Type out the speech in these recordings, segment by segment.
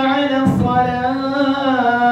على الصلاة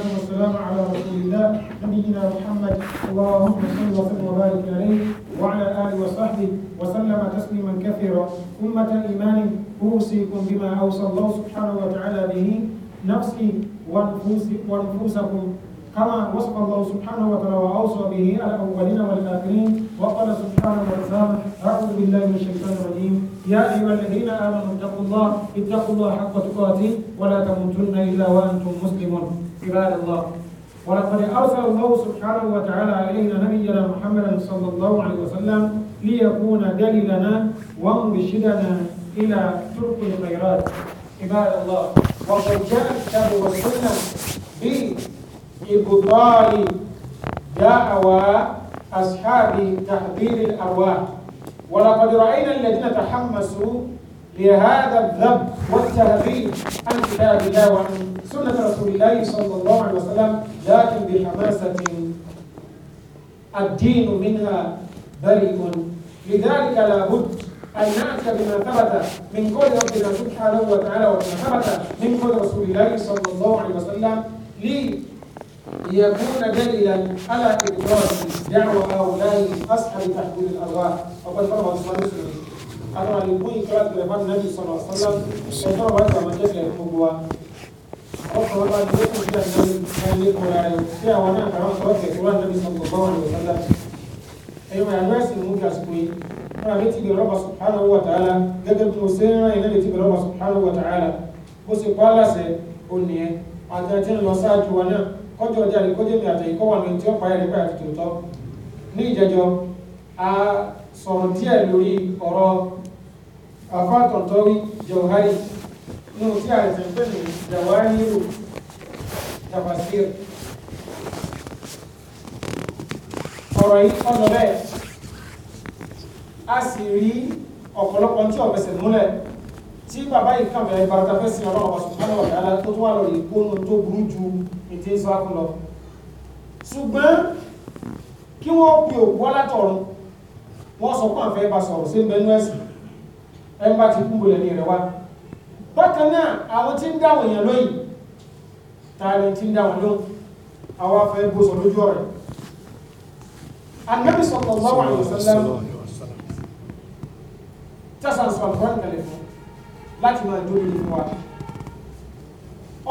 والصلاة والسلام على رسول الله نبينا محمد اللهم صل وسلم وبارك عليه وعلى آله وصحبه وسلم تسليما كثيرا أمة إيمان أوصيكم بما أوصى الله سبحانه وتعالى به نفسي ونفوسكم كما وصف الله سبحانه وتعالى واوصى به الاولين والاخرين وقال سبحانه وتعالى اعوذ بالله من الشيطان الرجيم يا ايها الذين امنوا اتقوا الله اتقوا الله حق تقاته ولا تموتن الا وانتم مسلمون عباد الله ولقد ارسل الله سبحانه وتعالى الينا نبينا محمدا صلى الله عليه وسلم ليكون دليلنا ومرشدنا الى ترك الخيرات عباد الله وقد جاء الكتاب والسنه إبطال دعوى أصحاب تحضير الأرواح ولقد رأينا الذين تحمسوا لهذا الذب والتهذيب عن كتاب الله وعن سنة رسول الله صلى الله عليه وسلم لكن بحماسة الدين منها بريء لذلك لا بد أن نأتي بما ثبت من قول ربنا سبحانه وتعالى وما ثبت من قول رسول الله صلى الله عليه وسلم لي ليكون دليلا على إبراز دعوة هؤلاء أصحاب تحويل الأرواح وقد فرض الصلاة أنا لبوي كلام كلام النبي صلى الله عليه وسلم كان هذا ما جاء هو أخبر أن يكون في النبي كان يقول في أوانا كلام صلاة كلام النبي صلى الله عليه وسلم أيما الناس الموجة سكوي أنا بيتي برب سبحانه وتعالى جدل توسيرنا إلى بيتي برب سبحانه وتعالى بس قال سي قلني أنت تنلو ساجوانا kọjọ ọjà rẹ kọjọ mi àtẹyìn kọ wà ní tí ó payà nípa àti tòótọ́ ní ìjẹjọ a sọ̀rọ̀ díẹ̀ lórí ọ̀rọ̀ afáàtọ̀ntọ́rí jọ̀hárì nínú tí àìsàn pé ní jàwáhírù tàbásír ọ̀rọ̀ yìí ọ̀nà bẹ́ẹ̀ a sì rí ọ̀pọ̀lọpọ̀ tí ọ̀fẹsẹ̀ múlẹ̀ tí bàbá yìí kàn bẹ̀rẹ̀ ìbáratafẹ́sìn ọlọ́run ọ̀sùn kánú ọ̀dà tó tó wà lórí ìgbónú tó burú ju tí ń sọ akún lọ ṣùgbọ́n kí wọ́n pe òkú ọlátọ̀run wọ́n sọ pọ̀ àfẹ́ bá sọ̀rọ̀ sí ìbẹ̀nú ẹ̀sìn ẹn bá ti kúmbolẹ̀ ní rẹ̀ wá bákan náà àwọn tí ń dáwọn èèyàn lóyìn tààrí tí ń dáwọn lóhùn àwọn afẹ́ bó sọ lójú ọ̀rẹ́ Ànábì sallallahu alaihi wasallam tẹ́sán sọ̀rọ̀ kọ́ńtẹ̀lẹ̀ fún láti máa dóbi fún wa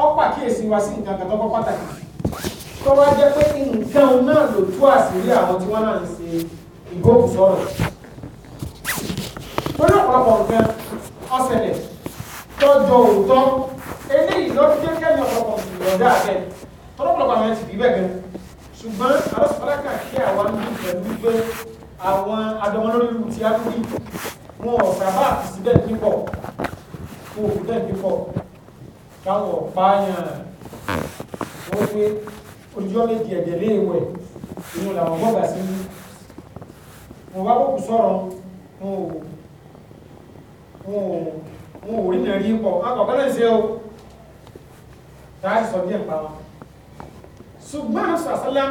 ọ̀pá kíyèsí wa sí nǹkan kan tó kọ́ pàtàkì tó wá jẹ́ pé nǹkan náà ló tú àṣírí àwọn tí wọ́n náà ń ṣe ìgbókùsọ̀rọ̀ torí ọ̀pọ̀lọpọ̀ nǹkan ọ̀sẹ̀lẹ̀ tọ́jọ òótọ́ eléyìí lọ́dún jẹ́ kẹ́yìn ọ̀pọ̀lọpọ̀ ìrọ̀dá àfẹ́ tọ́lọ́pọ̀lọpọ̀ àwọn ti bíbẹ̀ gan ṣùgbọ́n alọ́sọ̀rọ̀kà kí àwọn ní pẹ̀lú pé àwọn adọmọlórílù ti á lórí wọn ọ̀sà bá àti síbẹ̀ nípọ̀ kò bẹ́ẹ̀ nípọ̀ táwọn ọ̀páyàn wọ́n pé olùjọ́ méjì ẹ̀dẹ̀ léèwẹ̀ inú làwọn bọ́gà sí ní wọ́n wá bọ́kù sọ̀rọ̀ wọn ò rí nàrí pọ̀ akọ̀kọ́lẹ̀ sí o tàà sọ díẹ̀ pa wọn ṣùgbọ́n sàṣálá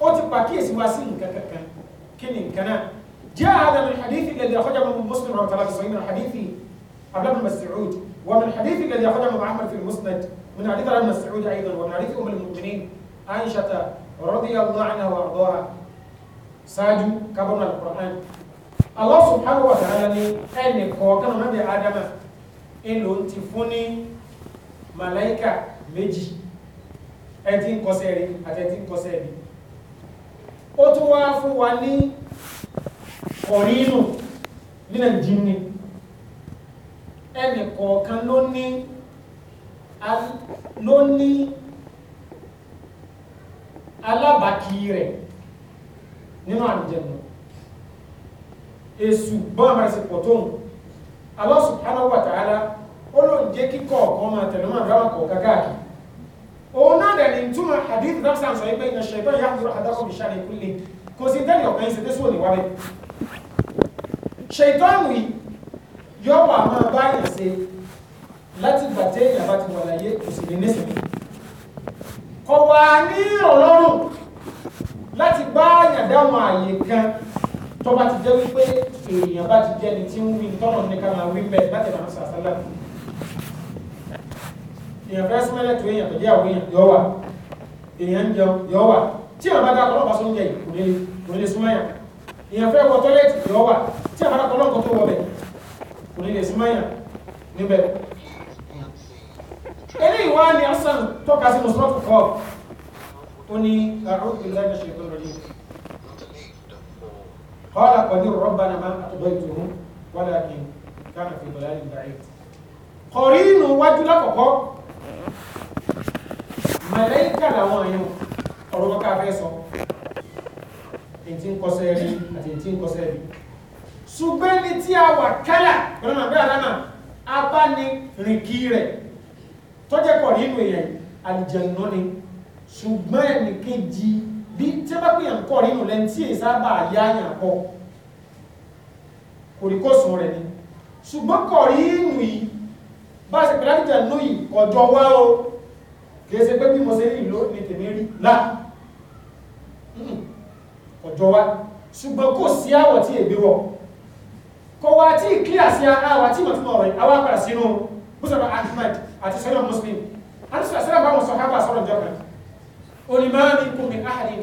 ó ti pàkíyèsí wá sí nǹkan kankan kí ni nǹkan náà جاء هذا من حديث الذي أخرجه من مسلم رحمه الله في من حديث عبد الله ومن حديث الذي أخرجه معمر في المسند من حديث ابن مسعود أيضا ومن حديث أم المؤمنين عائشة رضي الله عنها وأرضاها ṣáájú kábọ̀nà alukur'an Allah subhanahu wa ta'ala ní ẹnì kọ̀ọ̀kan náà bẹ adama ńlò ti fún ní màláìkà méjì ẹtí ń kọsẹ̀ rí àti ẹtí ń kọsẹ̀ rí ó tún wá fún wa ní kọ̀rínù nínú jinni ẹnì kọ̀ọ̀kan ló ní ló ní alábàákí rẹ̀ nínú àlùjànnà èsù bọ́n àmà sí pọ̀ tóun Allah subhanahu wa ta'ala ó ló ń jẹ́ kíkọ̀ ọ̀kan máa tẹ̀lé máa dáwà kọ̀ọ̀kan káàkiri òun náà dẹ̀ ní túmọ̀ hadith dáṣà sọ pé ìyẹn ṣẹ̀tọ́ yàtọ̀ àdákọ̀ bí sáré kúlé kò sí tẹ́lẹ̀ ọ̀kan ìṣẹ́tẹ́sùn òní wábẹ́ ṣètọ́nù yìí yóò wà máa báyìí ṣe láti gbà tí èèyàn bá ti wà láyé kò sì lè nísìnyí kò wà ní ọlọ́run láti bá àyàn dáhùn àyè kan tó bá ti jẹ́ wípé èèyàn bá ti jẹ́ni tí ń wí tọ́nà ní ká máa wí mẹ́ láti máa ń sàṣálà èèyàn fẹ́ símẹ́lẹ̀ tó èèyàn tó jẹ́ àwọn èèyàn yọ wà èèyàn ń jẹun yọ wà tí àwọn bá dákọ̀ lọ́pàá sóúnjẹ yìí kò ní lè súnmọ́ yàn èèyàn fẹ́ wọ tọ́lẹ́ẹ̀tì yọ wà tí àwọn bá dákọ̀ lọ́pàá tó wọ bẹ̀ kò ní lè níbẹ̀ eléyìí wá ní asan tọ́ka sí mùsùlùmí kọ́ ó ní àrùn ìlànà قال قدير ربنا ما أقضيته ولكن كان في ضلال بعيد قرين wájú lákọ̀ọ́kọ́ màláíkà làwọn èèyàn ọ̀rọ̀ wọn káfẹ́ sọ èyí tí ń kọsẹ́ rí àti èyí ń kọsẹ́ rí ṣùgbọ́n ní tí a wà kálà rọ́nà bí àdánà abánirìnkì rẹ̀ tó pọ̀ nínú èèyàn àlìjẹ̀nà ni ṣùgbọ́n ẹnìkejì bí tí a bá pè yàn pọ̀ nínú lẹ́ni tí èyí sábà yá yàn pọ̀ kòríkòsùn rẹ̀ ni ṣùgbọ́n kọ̀rí inú yìí bá ṣe pẹ̀lú àlìjẹ̀nà yìí ọjọ́ wá o kìí ṣe pé bí mo ṣe rí ìlú ní tèmi rí là ọjọ́ wá ṣùgbọ́n kò sí àwọ̀ tí èbí wọ̀ kò wá tí clear sí a wa tí mọ̀tí mọ̀rọ̀ àwọn apàdà sínú bùsọ̀rọ̀ ahmed àti sẹ́yọ̀ muslim alùsọ̀rọ̀ báwọn sọ̀hábà sọ̀rọ̀ jọba onímọ̀ọ́nì kùnmi ahadin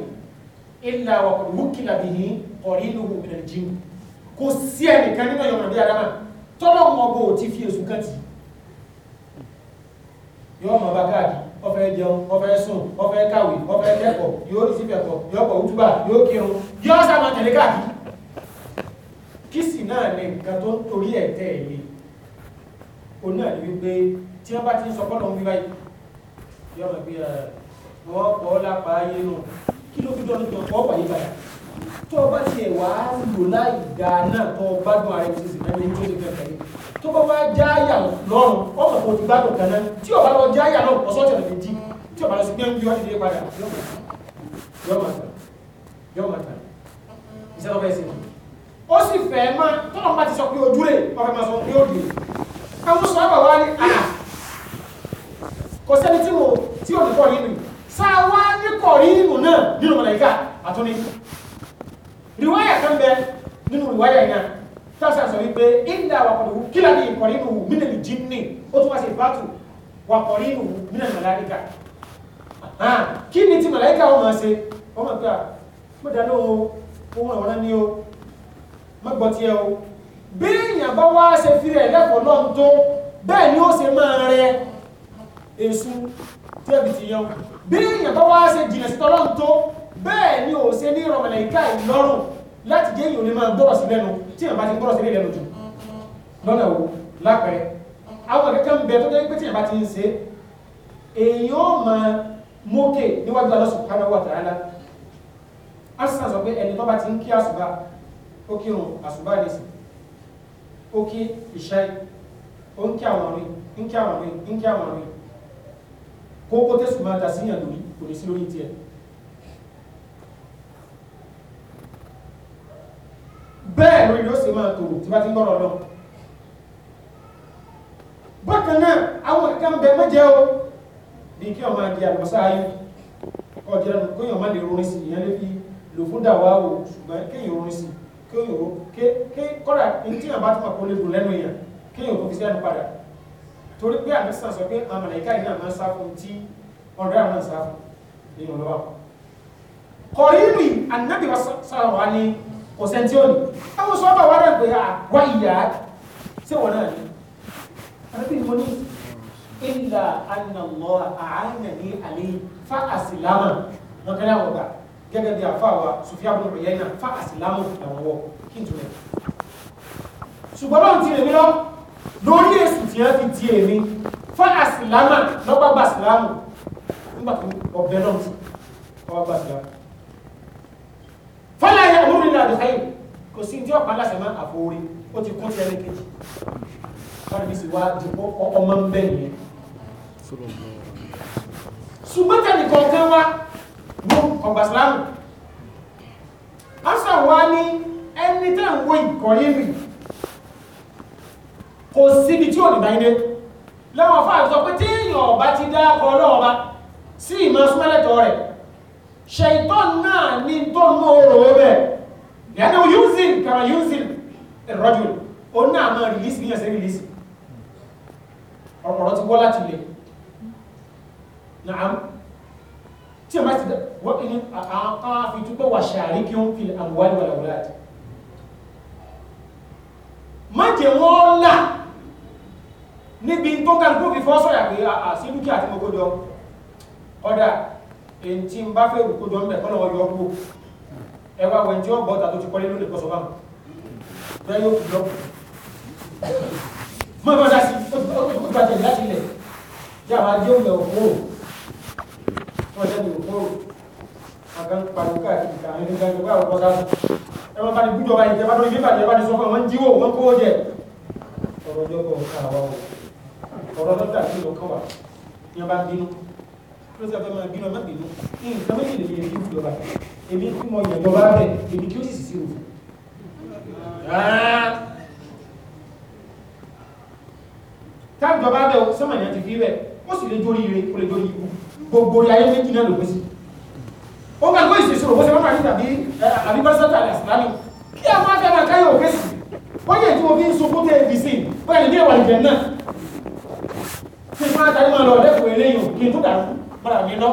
ilà wà kò wúkìlà bì ní ọ̀rínú òmìnira jìn kò sí ẹnìkan nínú yọ̀nà bí adama tọ́lọ̀ wọn bò ti fi èsù kàtì yóò mọ̀ bá káàkiri ọfẹ jẹun ọfẹ sùn ọfẹ kàwé ọfẹ kẹ́kọ̀ọ́ yóò rí sí kẹ́kọ̀ọ́ yóò pọ̀ wútúbà yóò kírun yóò sábà tẹ̀lé káàkiri náà ní nǹkan tó ń torí ẹ̀ tẹ́ ẹ̀ lé o náà ní wípé tí wọ́n bá ti ń sọ bọ́ọ̀lù wíwá yìí yóò mọ̀ pé wọ́n pọ̀ lápá ayé nù kí ló fi dọ́nu tó pọ̀ wáyé báyìí tó o bá tiẹ̀ wá lò láì dá náà tó o bá dùn ààrẹ ìṣesì náà ní tó ti fẹ́ fẹ́ tó bá wá jáàyà lọ́rùn ọmọ kò ti gbádùn kan náà tí o bá lọ jáàyà náà ọ̀sọ́ tẹ̀lé ti di tí o lọ ó sì fẹ́ máa tọ́nà bá ti sọ pé ojú rẹ̀ ọ̀fẹ́ máa sọ pé ó dé àwọn sọ àbà wá ní àà kò sẹ́ni tí wọ́n tí wọ́n kọ̀ nínú sáà wá ní kọ̀ nínú náà nínú mọ̀lẹ́kà àtúní rìwáyà kan bẹ nínú rìwáyà yẹn tásà sọ wípé ìdá wàkọ̀dùwù kílà ní ìkọ̀ nínú mínẹ̀lì jí ní ó tún wá sí ìbátù wàkọ̀ nínú mínẹ̀lì mọ̀lẹ́kà kí ni ti mọ̀lẹ́kà ó máa ṣe ọmọ pé à mọ̀dá lóhun ohun ọ̀rọ̀ ní o mọ́gbọ́tí ẹ o bí èèyàn bá wá ṣe fi rẹ̀ lẹ́kọ̀ọ́ náà tó bẹ́ẹ̀ ni ó ṣe máa rẹ èṣù tí ẹbí ti yan bí èèyàn bá wá ṣe jìnà sí tọ́lọ́n tó bẹ́ẹ̀ ni ó ṣe ní ìrọ̀mọ̀lẹ̀ ìka ìlọ́rùn láti jẹ́ èèyàn lè máa gbọ́rọ̀ sí lẹ́nu tí èèyàn bá ti gbọ́rọ̀ sí lẹ́nu jù lọ́nà wo lápẹ̀rẹ̀ àwọn akẹ́kẹ́ ń bẹ tó jẹ́ pé tí èèyàn bá ti ń ṣe èèyàn ó máa mókè níwájú Allah subhanahu wa ó kírun àṣùbá nìsí ó kí ìṣáì ó ń kí àwọn rí ń kí àwọn rí ń kí àwọn rí kókó tẹ̀sùn máa dà síyàn lórí kò ní sí lórí tiẹ̀ bẹ́ẹ̀ lórí ló sì máa tòrò tí bá ti ń gbọ́rọ̀ lọ bákan náà àwọn ìka ń bẹ mọ́jẹ́ o bí kí ọmọ adìyà lọ́sà ayé ọjọ́ ìrànlọ́kọ́ yọ̀ má lè rorin sí ìyẹn lè fi lò fún dàwa o ṣùgbọ́n kéèyàn rorin sí i kéèyàn ó ké kọ́dà ntí yàn bá tó kàkó lè dùn lẹ́nu yàn kéèyàn ó fi sẹ́nu padà torí pé àmì sàn sọ pé àmàlà ìka yìí náà máa ń sá fún tí ọ̀rẹ́ àwọn náà sá fún nínú lọ́wọ́ kọ̀rínì ànábì wa sọ̀rọ̀ wa ní kò sẹ́ntì òní àwọn sọ bá wàrà pé àwa ìyá ṣé wọn náà ní ànábì mo ní ìlà ànàmọ́ àánà ní àlè fa àsìlámà wọn kẹ́lẹ́ àwọn gbà gẹ́gẹ́ bí àfáàwà sùfíà bọ́n rẹ̀ yẹ́nà fa àsìlámù làwọn wọ kí n tún rẹ̀ ṣùgbọ́n lọ́n ti rèmi lọ lórí èsù tí wọ́n fi di èmi fa àsìlámà lọ́gbà gbà àsìlámù nígbà tó ọbẹ̀ náà ti ọwọ́ gbà àsìlámù fọlá yẹ òun rìnrìn àjò ayé kò sí ní ọ̀pá aláṣẹ máa àforí ó ti kún tẹ́lẹ̀ kejì wọ́n ti sì wá di ọmọ ń bẹ̀ yẹn ṣùgbọ́n tẹ̀lé kọ̀ọ̀kan wá mú ọgbà sílámù ásà wá ní ẹni tẹ́ ń wo ìkọ̀rí mi kò síbi tí ò ní báyìí lẹ́wọ̀n fún àìsọ pé tí èèyàn ọba ti dá ọkọ ọlọ́ọba sí ìmọ̀ súnmọ́lẹ̀tọ̀ rẹ̀ ṣètọ́ náà ní tó ń mú orò bẹ̀ yẹnu yúzìn kàrà yúzìn ìrọ́jú òun náà máa rìlísì bí yẹn ṣe rìlísì ọ̀rọ̀ ti wọ́ láti lè nàám tí a máa ti dà wọ́n ní àáfi tó pé wà ṣàrí kí wọ́n fi àwòrán wà láwùrán àti. má jẹ wọ́n là níbi tó ká tó fi fọ́ sọ̀yà pé àṣì dúkìá àti mo kó jọ ọ̀dà èyí tí n bá fẹ́ rò kó jọ ń bẹ̀ kọ́ lọ́wọ́ yọ ọ́ kú ẹ wá wẹ̀ tí ó gbọ́ ta tó ti kọ́lé lónìí kọ́sọ̀ báwọn bẹ́ẹ̀ yóò fi lọ́kùn mọ́ ẹ bá ó ti bá láti ilẹ̀ yàrá jẹ́ òun lẹ̀ òkú wọ́n jẹ́ ìlú fóòrù àgán pariwo káàkiri kàwọn ẹni gbàgbé wà wọ́n kọ́sá ẹ wọ́n bá ní gbújọba ìjẹba tó ní bí bàjẹ́ bá ní sọ́kọ̀ wọ́n jíwò wọ́n kówó jẹ ọ̀rọ̀ ọjọ́ kọ̀ káàwá o ọ̀rọ̀ tó dà sí lọ́kọ̀ wà ní ọba bínú ló sì fẹ́ máa bínú ọmọ bínú ní nǹkan méjì lè yẹ kí ìjọba èmi kú bẹ̀ sọ́mọ̀ yẹn ti fi bẹ̀ ó sì lè jórí ire ó lè jórí ikú gbogbo ayé méjì náà ló pín sí ó ń gbàgbọ́ ìṣèṣirò bó ṣe máa ní tàbí àbí bárísátà àti àsìlámì kí a máa dára káyọ̀ òkè sí wọ́n yẹ tí mo fi ń sunkún tẹ́ ẹ̀dì sí bóyá ní ìwà ìjẹ̀ náà kí n máa darí máa lọ ọ̀dẹ́kùn eléyìí kí n tó dàrú mọ́ra mi lọ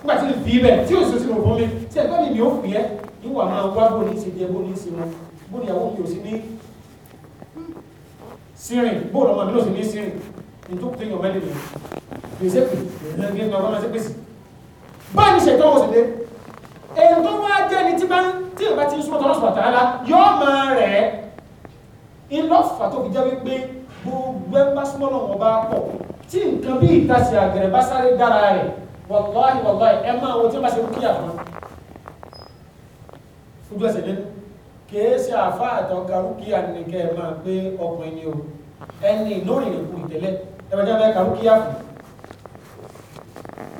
nígbà tí n fi ibẹ̀ tí ò sì rò fún mi tí ẹ̀gbọ́n mi ni ó fi ẹ́ níwà máa wá bó ní ṣe jẹ bó ní ṣe wọn bó ní àwọn òkè ò sí ní sírìn bó lọ́mọ mi ló sì ní sírìn ìtòkùtò èèyàn mẹ́lẹ̀ mi gbèsè pè ẹ̀ẹ́dẹ́gbẹ́ ní ọ̀rọ̀ ẹ̀sẹ̀ pèsè báyìí ní ṣètò ọ̀sẹ̀ dé èèyàn tó wá jẹ́ ni tí bá ń tí ìbá ti ń súnmọ́ tọ́lọ́sùn àtàlá yóò máa rẹ̀ ẹ́ ńlọ́fà tó fi jẹ́ wípé gbogbo ẹ̀ ń bá súnmọ́ náà wọ́n bá pọ̀ tí nǹkan bí ìtasì àgẹ̀rẹ̀ bá sáré dára rẹ̀ wàláhì wàláhì ẹ máa wo tí wọ́n bá ṣe ń kíyà fún un fújú ẹsẹ̀ lẹ́nu kìí ṣe àfáà àtọ́ka rúkìá nìkẹ́ máa pé ọkùnrin ni o ẹni ìlórin ìrìnkú ìtẹ́lẹ̀ ẹ̀rọ jẹ́ abẹ́ kàrú kíyà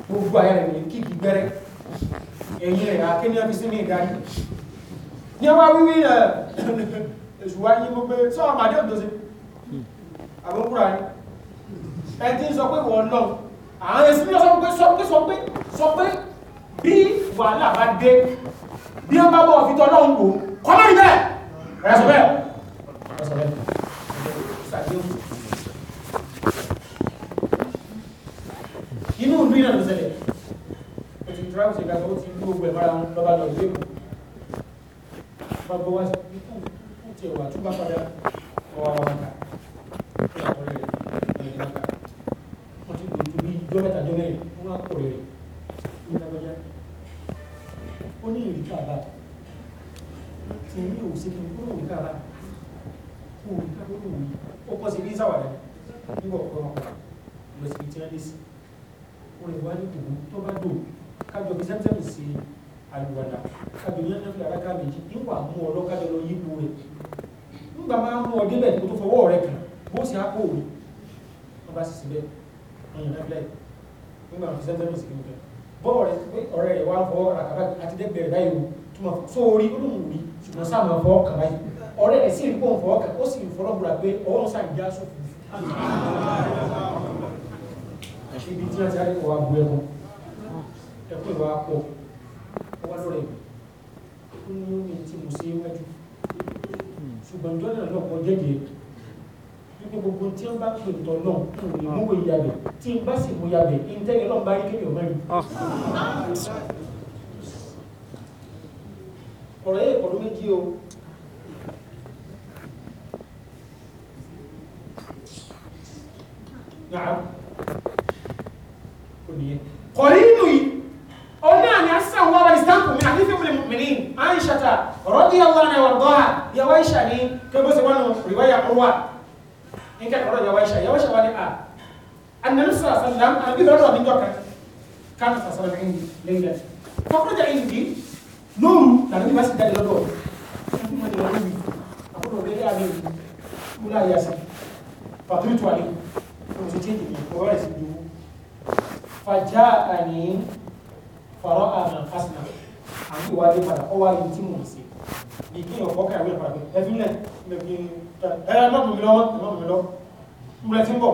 fún gbogbo àyà rẹ̀ ní kíkì gbẹ́rẹ́ ẹ̀yìn rẹ̀ akéèyàn fi sínú ìdarí ní ọwọ́ wíwí ẹ̀ èṣù wá yí gbogbo tí wọ́n máa dé òdòdó sí àbúrúkúra ni ẹ ti ń sọ pé wọ́n lọ àwọn èsì ní ọsọ pé sọ pé sọ pé sọ pé bí wàhálà bá dé bí wọ́n bá bọ̀ fi tọ́ lọ́hùn wò kọ́ lórí bẹ́ẹ̀ rẹ̀ sọ bẹ́ẹ̀ náà ló ṣẹlẹ̀ o ti tíráwù ṣe gbàgbọ́ ó ti ní gbogbo ẹ̀ mọ́ra wọn lọ́ba lọ ìwé mu gbogbo wa ti kú kú tiẹ̀ wà túbà padà ọwọ́ àwọn ọ̀gá kí àwọn ọ̀rẹ́ rẹ̀ ẹ̀yìn ọ̀gá wọ́n ti gbòòtú bí ijó mẹ́ta jọ mẹ́rin wọ́n á kọ̀ rẹ̀ ní lágbájá ó ní ìrì kàbá tí ní òsè kí n kúrò òrì kàbá kúrò òrì kàbá ó kọ́ sí bí sáwà nígbà ọ̀pọ̀ lọ sí ibi tí wọ́n dé sí orin wa ni kòkó tó bá dò kájọ fi sẹ́mísẹ́mì sí àlùwàlà kájọ yẹn náà fi àràká méjì níwà mú ọ lọ́kájọ lọ yípo rẹ̀ nígbà máa mú ọ débẹ̀ tó fọwọ́ rẹ̀ kàn bó ṣe àpò òwe wọn bá sì sí bẹ́ẹ̀ ọyàn náà bẹ́ẹ̀ nígbà fi sẹ́mísẹ́mì sí kìnnìkan bọ́ọ̀ rẹ̀ pé ọ̀rẹ́ rẹ̀ wá ń fọwọ́ àràkàbà àti dẹ́gbẹ̀rẹ̀ báyìí o tó máa fọ́ orí olóhùn rí ṣùgbọ́n sáà máa fọwọ́ kàn báyìí ọ̀rẹ́ rẹ̀ sì ń pọ̀ ibi tí wọ́n ti rí kọ́ wa bu ẹmu ẹkún ìwà pọ̀ ọwọ́ lórí ẹkún ní omi tí mo ṣe wájú ṣùgbọ́n ìjọ náà lọ́pọ̀ jẹ́jẹ́ wípé gbogbo tí wọ́n bá pè tọ́ náà kò ní mú ìyá rẹ̀ tí n bá sì mú ìyá rẹ̀ ìntẹ́ni náà bá rí kéèyàn mẹ́rin. Ah. ọ̀rọ̀ yẹ ìkọ̀dún méjì o Nàá nìyẹn kọ̀rí nínú yìí òun náà ni asísà wọn wà ìsìtàǹkù mi àti fífi mìíní àìṣà ta ọ̀rọ̀ di ọlọ́ náà wà dọ́ha yàwá ìṣà ní kébó sí wọn rìwáyà kúrúwà nǹkan kọ̀rọ̀ yàwá ìṣà yàwá ìṣà wà ní a annabi sallallahu alaihi wasallam àbí lọ́dọ̀ mi dọ̀kan kan sallallahu alaihi lẹ́yìn fọkúrọ̀jà ìdí lóòrù làwọn ìbá sì jáde lọ́dọ̀ àkókò lórí àmì ìlú kúlá yasa pàtó ìtú àlè òṣèṣẹ́ ìdìbò ọ̀rẹ́ ìsìnkú فجاءني فرأى ما قسم àti ìwádìí padà ọ wá yìí tí mò ń ṣe bí kí èèyàn fọ́kàn àwọn ìpàdé ẹbí náà mẹ́bí ẹ̀rọ ẹ̀ mọ́bùnmí lọ́wọ́ ẹ̀ mọ́bùnmí lọ́wọ́ ń bẹ̀rẹ̀ tí ń bọ̀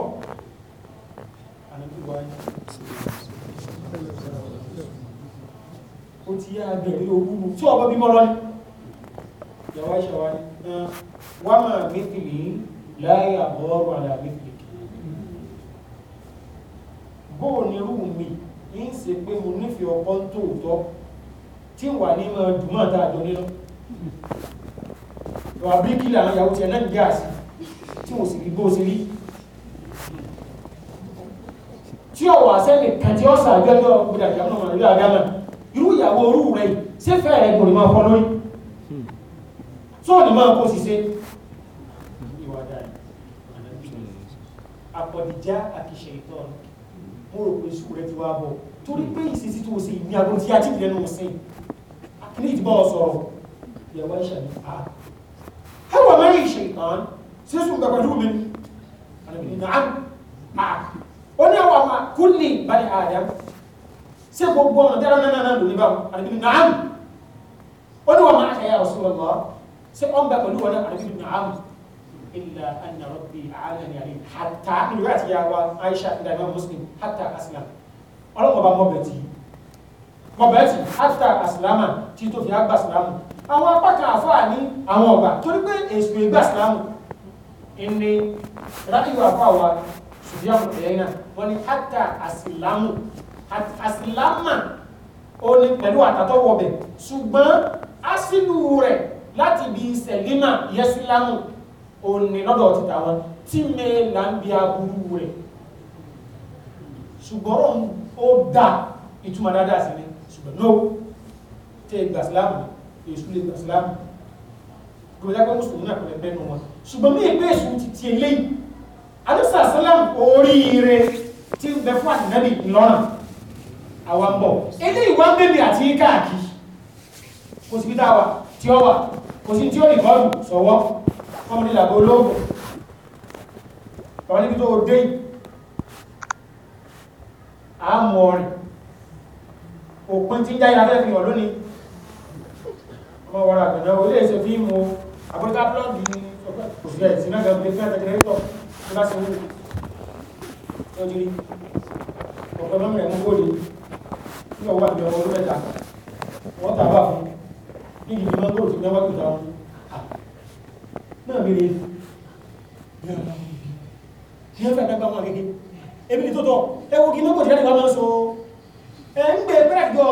ó ti yá abẹ̀rẹ̀ ogún mu tí ọba bímọ lọ́ni ìyàwó ìṣẹ̀wá ni wọ́n máa mẹ́tìlì láyé àbọ̀rọ̀ àlàmẹ́tìlì bóò ní irú mi ń ṣe pé mo nífẹ̀ẹ́ ọkọ ń tòótọ́ tí wà ní mọ dùmọ̀ tá a jọ nínú ìwà bíríkìlà àwọn ìyàwó tiẹ̀ náà ń jẹ́ àṣì tí mo sì rí bó ṣe rí tí ọ̀wọ̀ àṣẹ́ni kàtí ọ̀sà àjọjọ́ gbọdọ̀ ìyàwó náà rí àgámà irú ìyàwó orú rẹ̀ ṣé fẹ́ rẹ̀ gbòrò máa fọ́ tó ní máa kó ṣiṣẹ́ ìwà àpọ̀dìjá àti ṣèyítọ́ ọ̀nà mo rò pé sùúrù rẹ ti wá bọ̀ torí pé ìṣesí tó o ṣe ìní agbóhùn tí a ti dìrẹ́nu ò sìn ní ìdìbò sọ̀rọ̀ ìyàwó ìṣẹ̀ ní a. ẹ wà mẹ́rin ìṣe ìtàn ṣé sùn gbà pẹ̀lú mi àlùbí ní àmì a. ó ní àwọn àmà kú ní ìbálẹ̀ àdám ṣé gbogbo ọ̀nà tẹ́lá náà náà lò ní báwọn àlùbí ní àmì. ó ní wọn máa ṣe àyà ọ̀ṣun ọ̀gbọ́ ṣé ọ̀ إلا أن ربي أعانني عليه حتى من رواية يا عائشة عند الإمام مسلم حتى أسلم ọlọ́run ọba mọ̀bẹ̀tì mọ̀bẹ̀tì hátà àsìlámà tí tó fi àgbà sílámù àwọn apá kan àfáà ní àwọn ọ̀gbà torí pé èsù ìgbà sílámù ìní rákìlú àfáà wa ṣùgbọ́n ẹ̀yìnà wọ́n ní hátà àsìlámù àsìlámà ó ní pẹ̀lú àtàtọ́wọ̀bẹ̀ ṣùgbọ́n ásìlù rẹ̀ láti bí sẹ̀límà yẹsùlámù òní lọ́dọ̀ ti tàwọn tí mẹ́ẹ̀ là ń bi aburú rẹ̀ ṣùgbọ́n ó dá ìtumọ̀ dáadáa sí ni ṣùgbọ́n no tẹ́ ìgbà sílámù èṣù lè gbà sílámù gbọ́dọ̀ pé mùsùlùmí náà kò lè bẹ́ẹ̀ nù wọn ṣùgbọ́n mí ìgbé èṣù ti ti eléyìí adúsà sílámù oríire tí ń bẹ fún àtìlẹ́bì ńlọ́rùn àwa ń bọ̀ eléyìí wá ń bèbè àti káàkiri kò sí bí táwa tí ó wà kò sí tí ó rìkọ́dù sọ̀wọ́ wọ́n mú nílàgbó olóògùn bàbá níbi tó dé àmú ọ̀rìn òpin tí ń jáyé lábẹ́ fi hàn lónìí ọmọ wàrà àgbẹ̀dọ̀ olè ṣe fi mú àgbẹ̀ká blọ́ọ̀gì ní òṣìṣẹ́ ìsinmi àgbẹ̀gbẹ̀ fẹ́ tẹ̀tẹ̀rẹ́tọ̀ tó bá ṣe wù tó dirí ọ̀pọ̀ lọ́mọ ẹ̀mú góòlì ní ọwọ́ àgbẹ̀ ọmọ olómẹ́ta wọ́n tàbá náà mi lè fi ẹ̀fẹ́ àgbàgbà wọn gẹ́gẹ́ ebi tó tọ́ ẹwọ kí mọ́kò jẹ́ nígbà máa ń so hmm. ẹ̀ lọ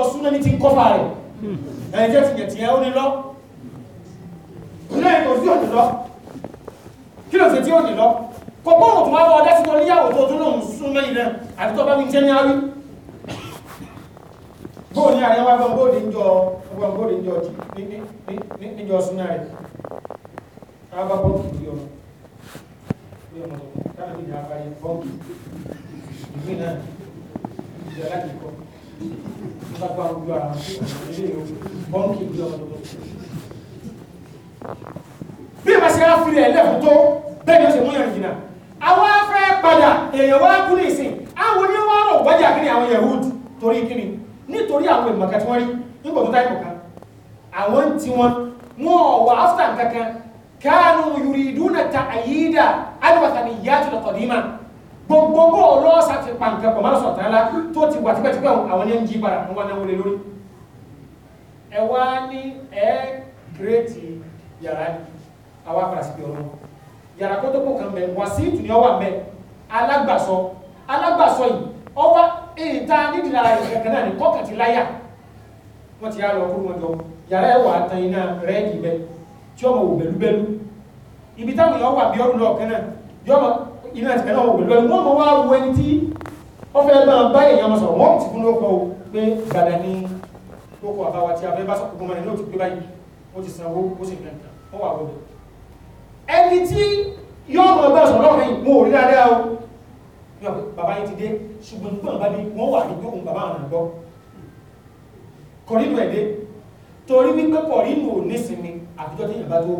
sí òní lọ kí lọ kò bọ́ òtún wá bọ́ ọdẹ sí tó níyàwó tó tún lòun sún mẹ́yìn náà àti tó bá mi jẹ́ ní àrí bóò ní àríwá gbọ́n bóò ní jọ gbọ́n bóò rẹ̀ aba bọ́ọ̀kì bí ọmọ bí ọmọ káàdì ní abayé bọ́ọ̀kì ìgbín náà ìjọ láti kọ́ nígbà tó àwọn ojú ara wọn ilé ìwé bọ́ọ̀kì bí ọmọ tó wọ́n wá náwó lé lórí ẹ wá ní ẹ gírètì yàrá ni àwa farasíkì ọ̀rọ̀ yàrá kó tó kó kan bẹ wọ́n sí ìtùnú ọwà bẹ alágbàsọ alágbàsọ yìí ọwá ìta nídìí lára ìkẹ̀kẹ́ náà ni kọ́kàtí láyà wọ́n ti yá lọ kúrú wọn jọ yàrá ẹ̀ wà tan iná rẹ́ẹ̀dì bẹ tí ọmọ wò bẹ̀lúbẹ̀lú ibi táwọn èèyàn wà bí ọdún lọ́ọ̀kan náà yọmọ iná ti bẹ̀rẹ̀ wò bẹ̀lúbẹ̀lú wọ́n mọ̀ wá wo ẹni tí wọ́n fẹ́ máa bá èèyàn máa sọ̀rọ̀ wọ́n ti fún lóko pé dada ní lóko àbáwá tí abẹ́ bá sọ gbogbo mọ́ni lóòtú gbé báyìí ó ti sanwó ó sì gbẹ̀ǹkà ó wà wọlé ẹni tí yóò mọ̀ bá sọ̀rọ̀ rẹ̀ mo rí dáadáa o yóò bàbá yìí ti dé ṣùgbọ́n nígbà bá dé wọ́n wà ní gbóhùn bàbá àwọn àgbọ̀ kọ̀rínù ẹ̀dẹ́ torí wípé kọ̀rínù ò nísinmi àbíjọ́ tí yàrá tó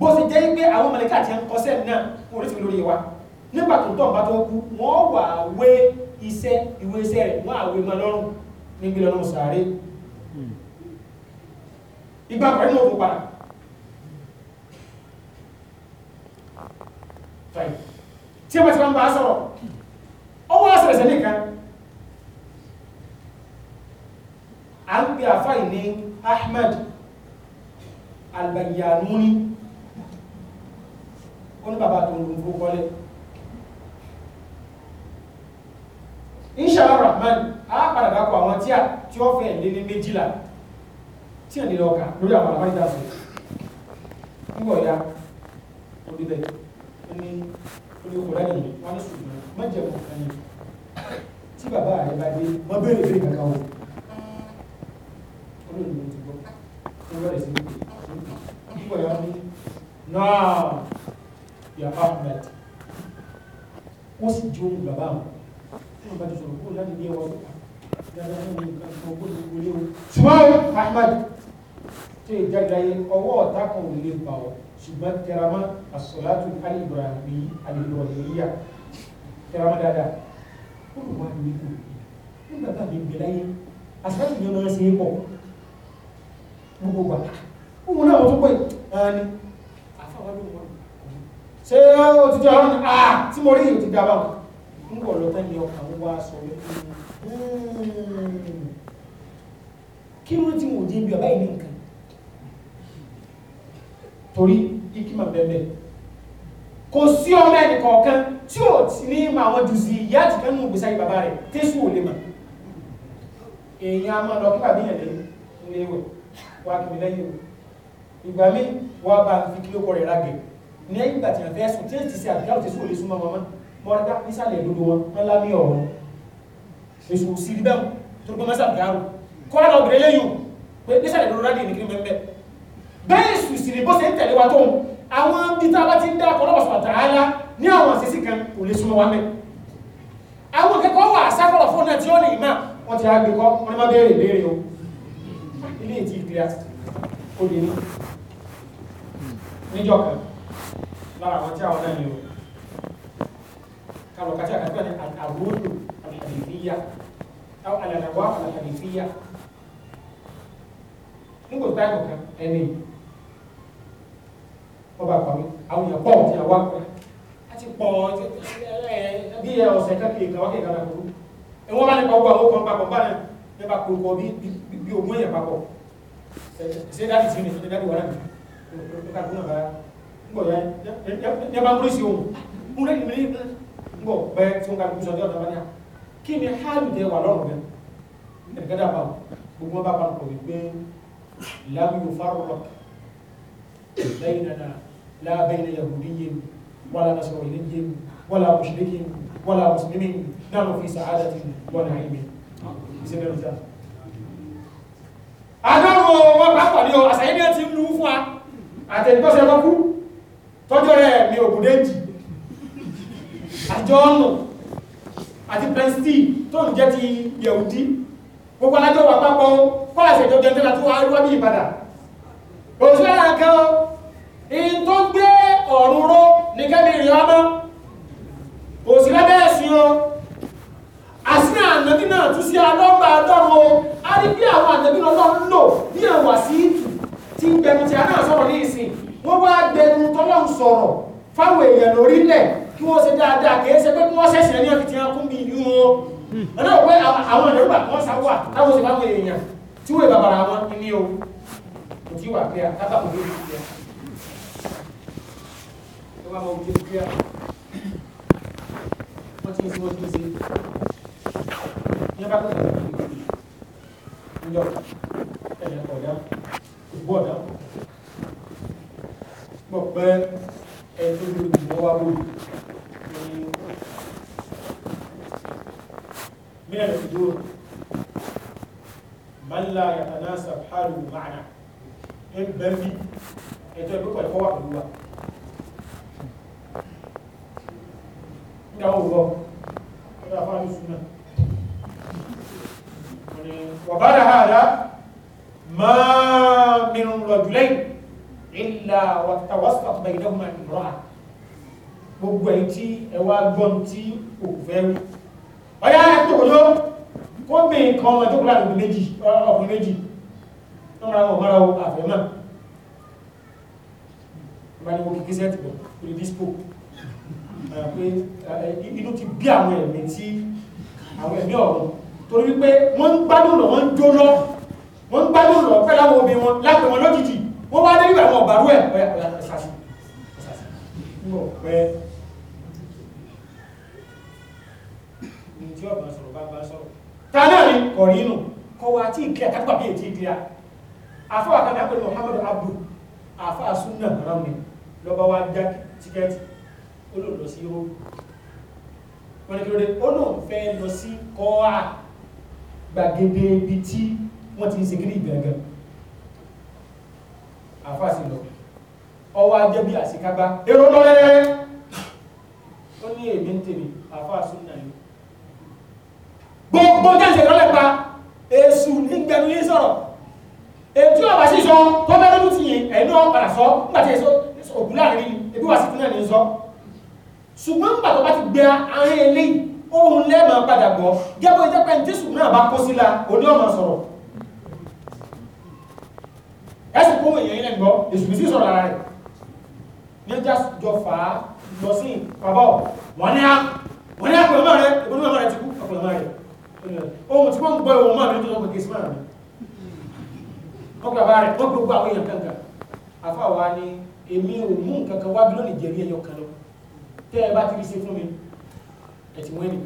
bó ṣe jẹ́ wípé àwọn mọ̀lẹ́kà nígbà tó tọ̀ bá tó kú wọ́n wà wé iṣẹ́ ìwé iṣẹ́ rẹ̀ wọ́n àwé mọ́ lọ́rùn níbi lọ́nà sàárè ìgbà pẹ̀lú òkú padà tí a bá ti wá ń bá a sọ̀rọ̀ ó wá sẹ̀rẹ̀sẹ̀ nìkan à ń pè àfáì ní Ahmed Albayyanuni ó ní bàbá tó ń lu gbogbo kọ́lé inshallah rahman a padà dákọ àwọn tí a tí ó fẹ́ lé ní méjìlá tí ènìyàn ọkà lórí àwọn àlàbárí dáṣe nígbà ọ̀yá oníbẹ̀ ní orí okòrò ẹ̀yìn wọn ní ṣùgbọ́n mọ́jẹ̀mú ẹ̀yìn tí bàbá rẹ̀ bá dé wọ́n béèrè fún ìkàkà wọn olóòlù ti gbọ́ wọ́n bẹ̀rẹ̀ sí nígbà ọ̀yá ní náà yà ahmed wọ́n sì jó bàbá wọn ṣùgbọ́n Ahmad tí ìjàgbáyé ọwọ́ ọ̀tá kan ò lè bà ọ́ ṣùgbọ́n tẹramá àsọ̀látù alìbùràbí alìbùràbíyà tẹramá dáadáa ó lù wá ní kò nígbà tá a lè gbé láyé àsìkò ìjọ náà ṣe é pọ̀ gbogbo gbà òun náà wọ́n tó pè ẹni àfáwọn nígbà ọlọ́tẹ́ ni ọkàn wá sọ wípé hmm, kí ló ti wò dé ibi ọ̀bá ìní nǹkan torí ikima bẹ́ẹ̀ kò sí ọmọ ẹnì kọ̀ọ̀kan tí ò ní ma àwọn jù sí ìyá àti kan nù gbèsè bàbá rẹ̀ tẹ́sù ò lè mà èèyàn a máa lọ kí bàbá yẹn lé ilé wẹ̀ wá kí mi lẹ́yìn o ìgbà mi wá bá fi kí ló kọ rẹ̀ rágẹ̀ ní ẹ̀yìn ìgbà tí wọ́n fẹ́ sùn tí èsì sí àbíkáwò tẹ́sù ò lè súnmọ́ mọ́mọ́ mọ́ríkà nísàlẹ̀ ìlú wọn wọ́n lámì ọ̀rọ̀ èṣù sí rí bẹ́ẹ̀ tó gbọ́n mẹ́sà gáàrù kọ́ àlọ́ obìnrin lẹ́yìn pé nísàlẹ̀ ìlú rádìí nìkiri mẹ́mẹ́ bẹ́ẹ̀ èṣù sì ní bó ṣe ń tẹ̀lé wa tóun àwọn ibi tá a bá ti ń dá ọkọ̀ lọ́wọ́ sọ̀tà áyá ní àwọn àṣìṣì kan o lè súnmọ́ wa mẹ́ àwọn kẹ́kọ̀ọ́ wà sákọ̀rọ̀ fún náà tí o ní ìmá o, ti àgbè kọ́ wọ́n ní má béèrè béèrè o ilé ìtì ìpìlẹ̀ ó di ní níjọ́ kan lára àwọn tí àwọn náà ni o Kalau wakati akasema ni al-amuru al-hadithia au al-anawa al-hadithia Mungkin tó yàgò kan ẹni wọn bá pàmì àwọn èèyàn pọ̀ tí a wá pẹ́ a ti pọ̀ bí ọ̀sẹ̀ kékeré kan wá kékeré kan kúrú ìwọ́n bá nípa ọgbà ni. kan papọ̀ bá ní bá kúrúkọ bí ogún èèyàn papọ̀ ṣe dáàbì sí ni ṣe dáàbì wà náà nígbà ya náà bá ń bọ̀ yá ní a bá gbọ́ pẹ́ tí wọ́n kálukú sọ́jọ́ ọ̀tá wáyà kí ni hálù tẹ wà lọ́rùn rẹ̀ ẹ̀rẹ̀gẹ́dà bá gbogbo bá bá kọ̀ wípé láwùjọ fárọ̀ lẹ́yìn náà lábẹ́yìn yahudi yẹn wàlá nasọ̀rọ̀ yẹn yẹn wàlá mùsùlùmí wàlá mùsùlùmí náà fi sàádà ti wọ́n náà yẹn ìṣẹ́lẹ̀ rẹ̀ adáwọ̀ wọn bá pàdé ọ àṣàyẹ́ ní ẹ ti ń lu fún wa àtẹ̀gbọ́sẹ̀ lọ́kú tọ́jọ́ rẹ̀ mi ògùn déjì àjọ ọ̀nà àti pẹ́ńsì tó ń jẹ́ ti yẹ̀wùdí gbogbo alájọ wà pápọ̀ kọ́lá ìṣẹ̀jọ jẹ́ nígbà tó wà wá bí ìbàdàn òṣèlú àkàn ó in tó gbé ọ̀run ró ní kẹ́mi ìrìn ọmọ òṣèlú bẹ́ẹ̀ sí o àsínà ànàbí náà tún sí alọ́gbà ọlọ́run o a rí bí àwọn ànàbí ọlọ́run lò bí àwọn àsìtù tí ń gbẹnu tí a náà sọ̀rọ̀ ní ìsìn wọ́n wá gbẹnu tọ́lọ́run sọ̀rọ̀ fáwọn èèyàn lórílẹ̀ kí wọ́n ṣe dáadáa kìí ṣe pé kí wọ́n ṣẹ̀ṣẹ̀ ní ọ̀fìtì ẹranko mi yún wọn ọ̀nà òwe àwọn ìdẹ́rùbà kan sá wà táwọn ṣe fáwọn èèyàn tí wọ́n ìbàbàrà wọn ní o kò tí wà pé àtàkà kò lórí ìjẹ tó bá mọ ojú pé wọ́n ti ń ṣe wọ́n ti ní ọba tó tẹ̀lé ní ìjọ ẹ̀yẹ ọ̀dá ìgbọ́ ọ̀dá ẹ̀dùn lórí ìwọ́wá lórí من الحضور من لا يتناسب حاله معنا ان بمبي ètò ẹgbẹ́ pẹ̀lú kọ́wà pẹ̀lú wa ìdáwò rọ ọdá fáà ní súnmọ́ wàbára hàdá máa mìíràn rọ̀jùlẹ́yìn ìlà wàtàwàsàtà bẹ̀gẹ́dọ́gbọ̀n ìmọ̀ràn gbogbo ẹ̀yìn tí ẹ wá gbọ́n tí kò fẹ́ wù ọ̀yá ẹ̀tọ́kọ̀tọ́ kó bí nǹkan ọmọ tó kúrò àdùn méjì ọkùnrin méjì tó mara wọn mara wọn àfẹ́ náà bá ní mo kìkí sẹ́ẹ̀tì bọ̀ lórí dispo pé inú ti bí àwọn ẹ̀mí tí àwọn ẹ̀mí ọ̀run torí wípé wọ́n ń gbádùn lọ wọ́n ń jó lọ wọ́n ń gbádùn lọ pẹ̀lú àwọn obìnrin wọn lápẹ̀ wọn lójijì wọ́n wá dé nígbà àwọn ọ̀bàrú ẹ̀ ṣàṣì nígbà pẹ́ ní tí ọ̀bà sọ̀rọ̀ bá bá sọ̀rọ̀ ta náà ni kọ̀rí nù kọ́ wa tí ìkẹ́ àtàkùn àbí ètí ìdíra àfọwà kan náà pẹ̀lú Muhammadu Abdu àfáà súnà haram ni lọ́ba wa já tíkẹ́ẹ̀tì ó lò lọ sí yóò wọ́n ní kí ló fẹ́ lọ sí kọ́ọ̀à gbàgede ibi tí wọ́n ti ń ṣe kiri ìgbẹ̀ngàn àfa sí lọ ọwọ́ ajẹ́ bí àṣekágbá èrò lọ rẹ́rẹ́ ó ní èmi ń tèmi àfa sún náà yìí gbogbo jẹ́ ìṣèkọ́lẹ̀ pa èṣù nígbẹ̀rún yìí sọ̀rọ̀ ètí ọ̀bà sí sọ tó mẹ́rin ló ti yìn ẹ̀nú ọ̀padà sọ nígbàtí èso ògùn láàrin ebi wà sí fún ẹ̀mí sọ ṣùgbọ́n nígbà tó bá ti gbé àárín eléyìí ohun lẹ́ẹ̀mọ́ padà gbọ́ gẹ́gbẹ́ jẹ́pẹ́ ní jésù náà bá kó sí la òní ọ̀mọ̀ sọ̀rọ̀ ẹsì kó èèyàn ilẹ̀ gbọ́ èsù sí sọ̀rọ̀ ara rẹ̀ níjà jọ fà á lọ sí bàbá ọ̀ wọ́n ní á wọ́n ní àpò ọmọ rẹ̀ ìbọn ọmọ rẹ̀ ti kú àpò ọmọ rẹ̀ ohun tí wọ́n ń gbọ́ ìwọ̀n ọmọ mi tó lọ́pọ̀ kìí símára mi wọ́n gbà bá rẹ̀ wọ́n gbogbo àwọn èèyàn kankan àfa wa ni èmi ò mú nǹkan kan wá bí lónìí jẹ̀rí ẹyọ kan lọ tẹ́ ẹ bá ti rí sí fún mi ẹ̀ tí wọ́n ní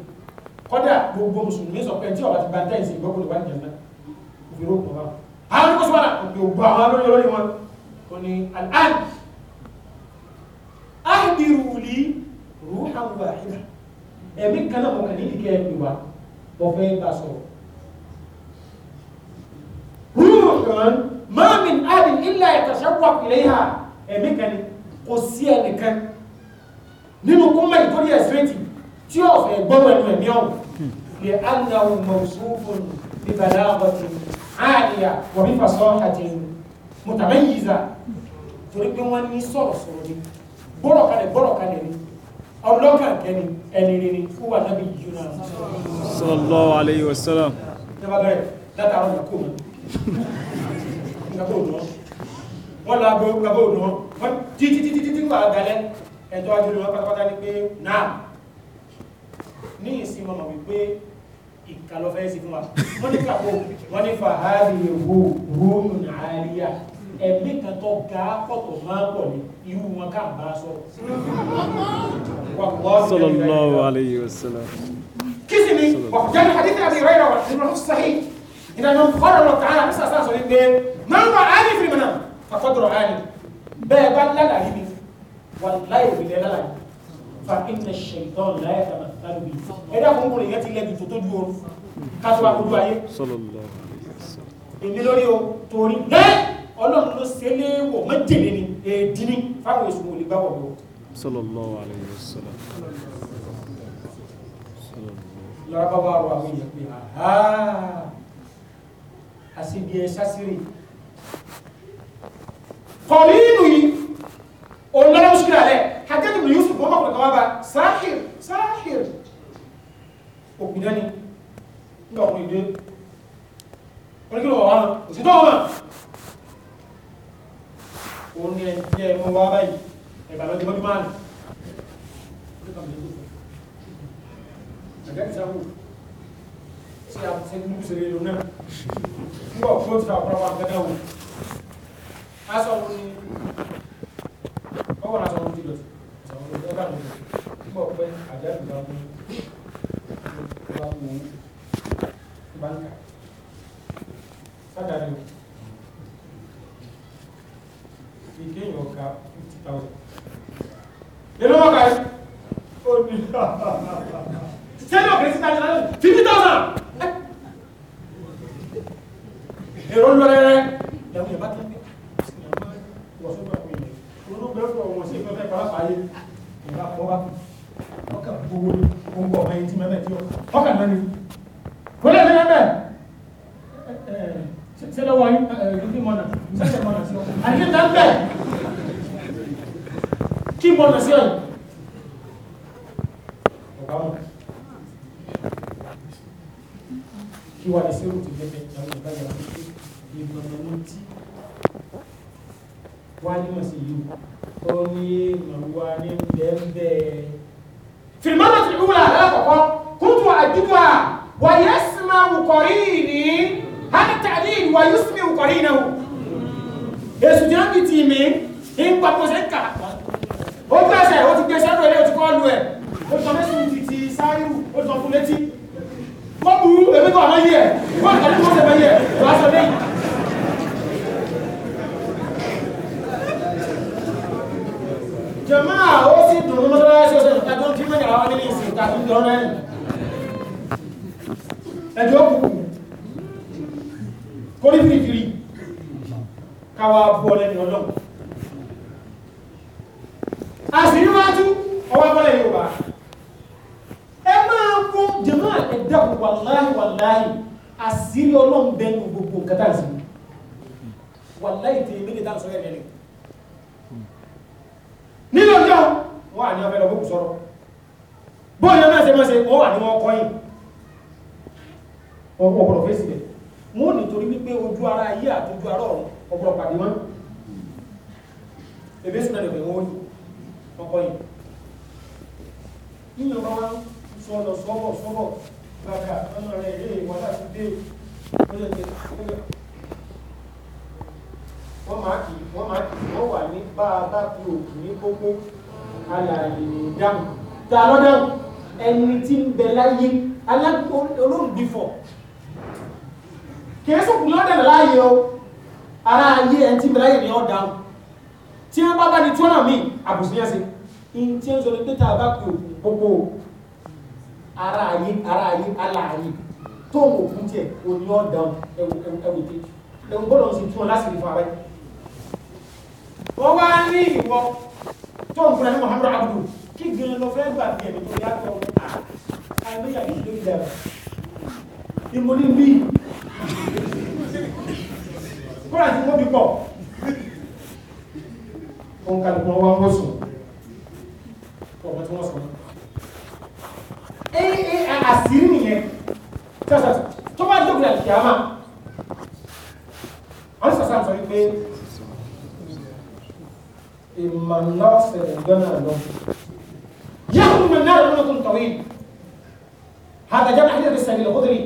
kọ́dà gbogbo mùsùlùmí sọ pé tí ọ̀rọ̀ ti bá ń tẹ̀sí ìgbọ́kùnrin wà ní jẹ̀ńdá òfin ó kùn báwọn àwọn tó kó sọ́wọ́n òkè ògbà àwọn olórí olórí wọn ó ní al'ad áìdìrúlì rúhàn wàhídà ẹ̀mí kan náà mọ̀kàn ní ìdíkẹ́ ẹ̀mí wa ọ̀fẹ́ bá sọ̀rọ̀ rúhàn máa min adìn ilẹ̀ ìtàṣẹ́wọ̀ ìlẹ́yà ẹ̀mí kan kò sí ẹnìkan nínú kúmọ̀ ìtòrí ẹ̀sìrẹ́tì tí ọ̀fẹ́ gbọ́wọ́ ẹnu ẹ̀mí ọ̀hún lè ánà mọ̀sùn fún bíbẹ̀ láàbọ̀ tìǹbù àlìyà wọ̀bí fasọ́ àjẹyìn mùtàbẹ́ yìí zà torí pé wọ́n ní sọ̀rọ̀ sọ̀rọ̀ ni bọ́rọ̀ kalẹ̀ bọ́rọ̀ kalẹ̀ ni ọlọ́kàn kẹni ẹni rere fúwà nábì yìí náà. sallallahu alayhi wa sallam. nígbà bẹ́ẹ̀ látàrọ̀ nàkó mi nàkó mi wọ́n lọ abẹ́ gbàgbọ́ òdùn wọn títí títí títí wà galẹ́ ẹ̀tọ́ ajúlọ pátápátá ní pé náà ní ìsinmi ọmọ wípé ìkàlọ́ fẹ́ sí fún wa wọ́n ní kàkó wọ́n ní fàhálì ìhó rúnù nàáríà ẹ̀mí kan tó ga pọ̀tọ̀ máa pọ̀ ní irú wọn ká bá sọ. sallallahu alayhi wa sallam. kí sì ni wàkùjẹ́ ní hadith àti ìrọ̀ ìrọ̀ nínú sahih ìdáná kọ́rọ̀ lọ tààrà ní sàṣà sọ wípé máa ń wà áyì fìrìmọ̀ náà àkọ́dọ̀rọ̀ áyì bẹ́ẹ̀ bá lálàyé mi wà láì òbí lẹ́ lábìbí ẹ̀dá kúnkùnrin yẹn ti lẹ́bi tó tójú oorun kátó akójú ayé èmi lórí o torí lẹ́ ọlọ́run ló ṣe léèwọ̀ méjèlé ni èdè ni fáwọn èsùn olè bá wọ̀ lọ. sallallahu alaihi wasallam lọ́rọ̀ bá wà rọ àwọn èèyàn pé àhá àṣìbí ẹ̀ ṣásírì kọ̀ọ̀lì ìlú yìí tán bẹ̀ kí bọ́nà sí ọ̀yìn ọ̀gáwọ̀n kí wà lè sẹ́rù ti gẹ́gẹ́ àwọn ìbájá ìmọ̀nàmọ́ tí wá nímọ̀ sí yìí ó ní màwá ní bẹ́ẹ̀ fìlìmọ́nà fìlìmọ́nà alákọ̀ọ́kọ́ kúntù àdúgbò à wà yẹ́sìmá wùkọ̀rí ní hàtàlí wà yúsìmí wùkọ̀rí náà èsù tí wọ́n fi tì mí ń pa mo ṣe ń kà ó gbẹ̀sẹ̀ ó ti gbé sẹ́dọ̀ ilé ó ti kọ́ lu ẹ̀ ó sọ fẹ́ sùn títí sáírù ó sọ fún létí wọ́n bu èmi kọ́ ọ̀nà yìí ẹ̀ wọ́n kọ́ ní kó ṣe fẹ́ yẹ ẹ̀ wọ́n sọ lẹ́yìn. jẹ̀máà ó sì dùn ní mọ́tọ́lá ṣe ọ̀sẹ̀ ìta tó ń tí mẹ́jọ àwọn nílé ìsìn ìta tó ń jọ rẹ̀ ẹ̀jọ̀ kù kórìfìrìfìrì káwá bọ́ lẹ́ni ọlọ́run àṣírí wá tú ọwọ́ bọ́lẹ̀ yóò wá ẹ máa kún jẹ̀mọ́ ẹ̀dẹ́kùn wàláhì wàláhì àṣírí ọlọ́run bẹnu gbogbo nǹkan tá à ń sìn wàláhì tí èmi ní dáhùn sọ́yẹ̀ lẹ́nu nínú ọjọ́ wọn à ní ọbẹ̀ lọ́gbọ̀n sọ̀rọ̀ bóyá náà ṣe máa ṣe ọ wà ní wọn kọ́yìn ọgbọ̀n ọ̀pọ̀lọpọ̀ fèsì rẹ̀ wọn ò nítorí wípé ojú ara ayé àti ara ọ̀run ọgbọ́n pàdé wọn bèbè sùn náà lọ́gbẹ̀ wọn ó ọkọ yìí yíyan bá wọn sọ lọ sọ́bọ̀ sọ́bọ̀ bàkà lọ́nà rẹ̀ ilé ìwà láti dé wọ́n máa kì í wọ́n máa kì í wọ́n wà ní bá a bá fi òkú ní kókó alàyè dáhùn ta ló dáhùn ẹni tí ń bẹ láyé alágbó olóògbé fọ kì í sọkùnrin ọ̀dẹ̀ láàyè o ara ayé ẹ̀ tí bẹ̀rẹ̀ yẹn ni ọ̀ dáhùn tí wọ́n bá bá ní tí wọ́n náà mí àbùsùn yẹn sí in tí ń sọ ní pété àbá pé gbogbo ara ayé ara ayé ala ayé tó ń òkun tiẹ̀ òní ọ̀ dáhùn ẹ̀wù ẹ̀wù tẹ̀ ẹ̀wù gbọ́dọ̀ ń sì tún ọ lásìkò fún abẹ́ wọ́n wá ní ìwọ tó ń fúnra ní Muhammadu abudu kí gẹ̀rẹ́ lọ fẹ́ gbà bí ẹ̀mí tó yàtọ̀ àìmẹ́yà ìlú ìdára ìmọ̀ ní bí kúrò àti mọ́bí pọ̀ wọn kàlùkùn wọn wọ́n sùn ọ̀pọ̀ tí wọ́n sọ aa àṣírí nìyẹn tó bá jókòó àti kìámà wọ́n sọ sáà sọ wípé ìmọ̀nà ọ̀sẹ̀rẹ̀ gbọ́nà lọ yẹ́kùn mọ̀ náà lọ́nà tó ń tọ̀wé هذا جمع حديث السبيل الخضري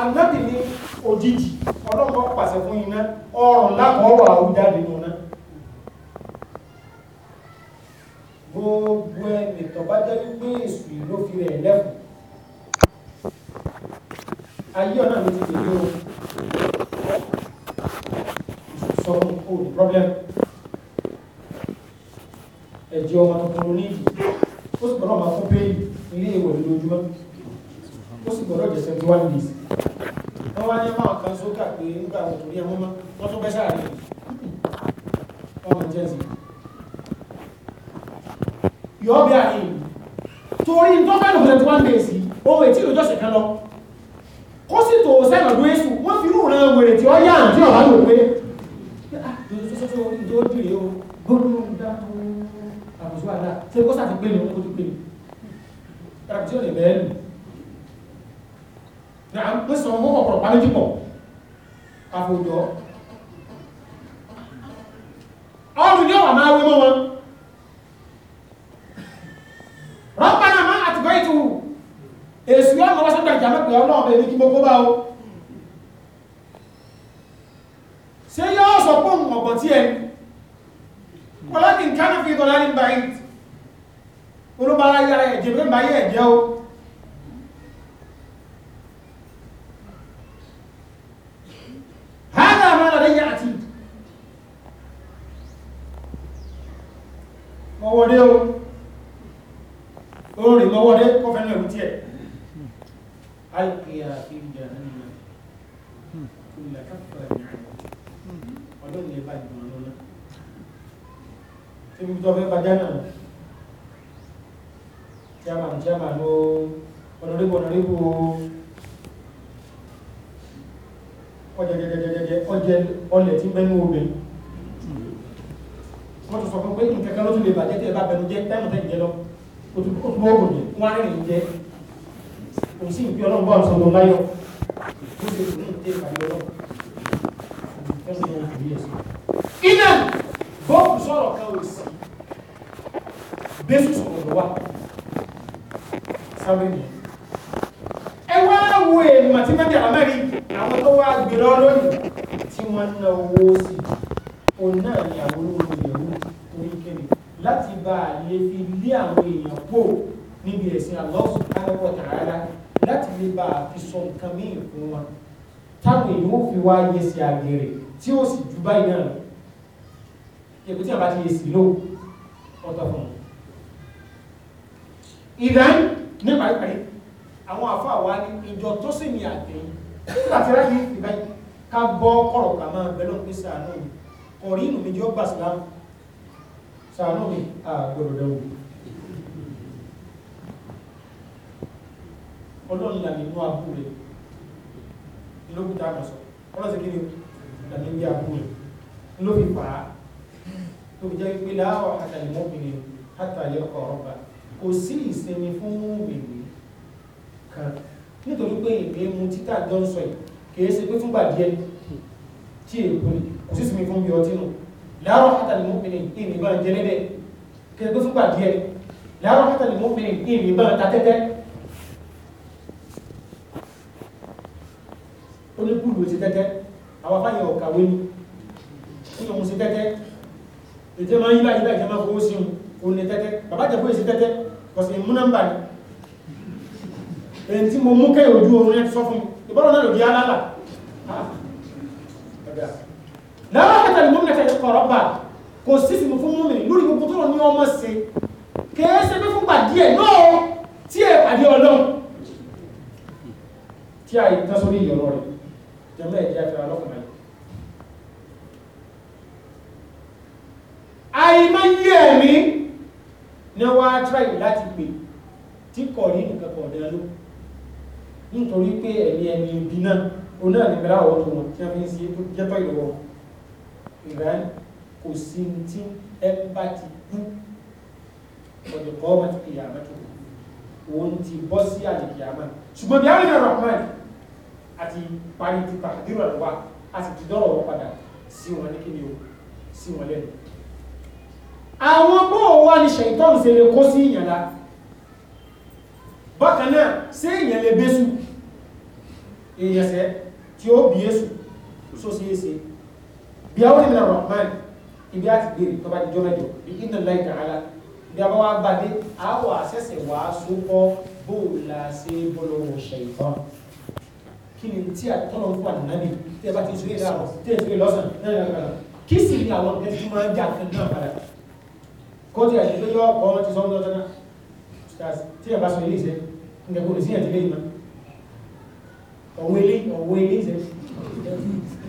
النبي òjijì ọlọ́pàá pàṣẹ fún iná ọrùn lákọ̀ọ́wà àwújáde nù náà gbogbo ẹni tó bá jẹ́ wípé èsù ìlú fi rẹ̀ lẹ́fù ayé ọ̀nà mi ti dèjò sọ fún kò ní problem ẹ̀jẹ̀ ọmọ tuntun ní ìdí ó sì gbọ́dọ̀ máa fún péyì ilé ìwẹ̀ lójúmọ́ ó sì gbọ́dọ̀ jẹ́ seventy one days wọ́n wá ní máa kan sókà pé nígbà wọn torí ẹmọ́ mọ́ wọ́n tún bẹ́ sáàrin ọmọ jẹ́sì yọ́ bí àyè torí tọ́kà lòdẹ̀ tí wọ́n dé sí ohun ètí ìlú jọ́sẹ̀ kan lọ kó sì tó sẹ́nà ló èsù wọ́n fi rú ran wèrè tí ó yá àti ọ̀rá lò pé gbogbo dákú àbùsùwàdà tí kó sàti pé ní ọkọ̀ tó pé ní ní à ń pèsè ọmọ ọ̀pọ̀lọpọ̀ pàméjì pọ̀ àfòjọ́ ọrùn ní ọ̀wà máa wé mọ́ wọn rọ́pàá máa àtìgbọ́ ìtù èsù yọ́ lọ́wọ́ sọ́dọ̀ ìjàmẹ́pẹ̀ ọlọ́ọ̀bẹ̀ ní kí mo kó bá o ṣe yọ́ sọ pé òun ọ̀gbọ̀n tí ẹni kọ́lá kí n kánà fi tọ́lá ní báyìí lọ́wọ́dé o ó rìn lọ́wọ́dé kó fẹ́ lẹ́rù tí ẹ̀ alkiya fi jẹ́ ẹ̀nà ìlàkàfà ọdún ní ẹbá ìgbìmọ̀ lọ́nà tí wọ́n fẹ́ bàjá náà chairman chairman ó ọ̀nàrígbò ọ̀nàrígbò ọjẹ́ ọlẹ̀ tí bẹ́nu obìnrin wọ́n tún sọ fún pé nǹkan kan ló tún lè bàjẹ́ tẹ́ ẹ bá bẹnu jẹ́ táìmù tẹ́ ìjẹ́ lọ ó tún bọ́ ògùn yẹn wọ́n á rẹ̀ ń jẹ́ òun sì ń fi ọlọ́run bá ọ̀sán lọ láyọ̀ ó sì ń tẹ́ ìpàdé ọlọ́run iná bọ́ọ̀lù sọ̀rọ̀ kan ò sí bẹ́sù sọ̀rọ̀ lọ́wọ́ sábẹ́ nìyẹn ẹ wá wo èèmọ̀ tí mẹ́jọ àmẹ́rin àwọn tó wá gbèrọ lónìí tí wọ́n ń náwó sí òun náà ni àwọn olóògbé yẹ̀wò láti bá a lè fi lé àwọn èèyàn pò níbi ẹ̀sìn Allah subhanahu wa ta'ala láti lè bá a fi sọ nǹkan míì fún wọn táwọn èèyàn ó fi wá yẹsẹ̀ àgèrè tí ó sì ju báyìí náà èkó tí a bá ti yẹ sí ló ọ̀tọ̀ fún un. ìdán ní pàríparí àwọn àfa wa ní ìjọ tó sì ní àtẹ̀yìn nígbà tí ìbáyìí ká gbọ́ kọ̀rọ̀ kà máa òpin sàánú kọ̀rí ìnù méjì ó gbà sílámù sàánú mi àgbọ̀dọ̀ dẹ̀wò ọlọ́run làmì inú abú rẹ̀ ìlókùtà àmọ̀sọ̀ ọlọ́sẹ̀ kí ni làmì inú abú rẹ̀ ló fi fà á tó fi jẹ́ pé láàrọ̀ àtàlẹ́mọ́bìnrin látàlẹ́ ọkọ̀ ọba kò sí ìsinmi fún mòmìnì kan nítorí pé ìgbé mu títà jọ ń sọ yìí kì í ṣe pé fúngbà díẹ̀ tí èkó kò sí ìsinmi fún mi ọtí náà láàárọ̀ hátàlì mọ́bìnrin kí ni ìbọn jẹ́lẹ́dẹ̀ kẹgbẹ́ fúngbà díẹ̀ láàárọ̀ hátàlì mọ́bìnrin kí ni ìbọn tatẹ́tẹ́ ó ní búlù ti tẹ́tẹ́ àwọn afáyẹ̀ ọ̀kàwé ni nínú òun sí tẹ́tẹ́ ètò máa ń yí báyìí báyìí máa fowó sí un òun ní tẹ́tẹ́ bàbá jẹ́ fóyè sí tẹ́tẹ́ kọ̀sì mú nọ́mbà ni èyí tí mo mú kẹ́yìn ojú oorun sọ fún ìbọ́lọ̀ náà lòdì alálà ah, láàkàtà ní gómìnà tẹ̀lé kọ̀rọ̀bà kò sí sí fún mọ́mìnì lórí gbogbo tó ní ọmọ sí kẹ́ẹ́sẹ́ pé fún pàdíẹ̀ náà tí ẹ pàdé ọlọ́run tí a yìí tán sórí ìyọ̀rọ̀ rẹ̀ jẹ́mẹ́ ẹ̀jẹ̀ àfẹ́ra lọ́kùnrin àìmọ́ yí ẹ̀mí ni wọ́n á tíráyì láti pè tí kọ̀ ní nǹkan kan ọ̀dẹ́ ló nítorí pé ẹ̀mí ẹ̀mí ìbí náà òun náà nígbẹ̀rẹ̀ àwọ̀ tó wọn tí wọ́n fi ń ṣe jẹ́tọ̀ ìlọ́wọ́ wọn ìran kò sí tí ẹ bá ti kú ọ̀dọ̀ kọ́ ọmọ ti kìyà mẹ́tò òun ti bọ́ sí àdìkìyà mọ́ ṣùgbọ́n bí àwọn ìrọ̀rọ̀ mọ́ àti parí ti tàkàdírò rẹ̀ wá a sì ti dọ́rọ̀ wọn padà sí wọn ní kíni o sí wọn lẹ́nu àwọn bóò wá ní ṣèyítọ́n ṣe lè kó sí ìyànlá bákan náà ṣé èèyàn lè bẹ́sù èèyàn sẹ́ tí ó bí èsù tó ṣe é ṣe ìyàwó ìmìnà rahman ibi àti gbèrè tó bá dijọ́ mẹ́jọ bí iná láì tààlà bí a bá wá bá dé a wà sẹ́sẹ̀ wá sókọ́ bó la ṣe bọ́lọ̀ ṣẹ̀yìnbọn kí ni tí a tọ́lọ̀ fún ànábì tí a bá ti ṣeré láàrọ̀ tí a ṣeré lọ́sàn náà yàrá kan kí sì ni àwọn ọ̀gá tí máa ń jà kan náà padà kó tí a ṣe lóyún ọkọ̀ wọn ti sọ ọ́n lọ́sàn náà tí a bá sọ ilé ìṣẹ́ nǹkan kò ní sí ẹ̀dínlẹ́yìn náà ọ̀wẹ́lẹ́ ọ̀wẹ́lẹ́ ìṣẹ́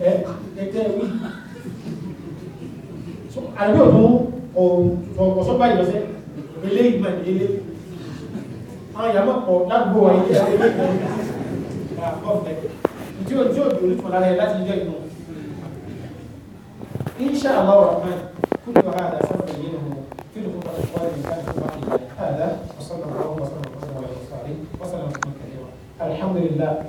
ẹ̀ẹ́dẹ́gbẹ́ àdàbí òfin ọ̀sán báyìí ilé ìgbà ilé àwọn ìyàmọ̀ pọ̀ Allah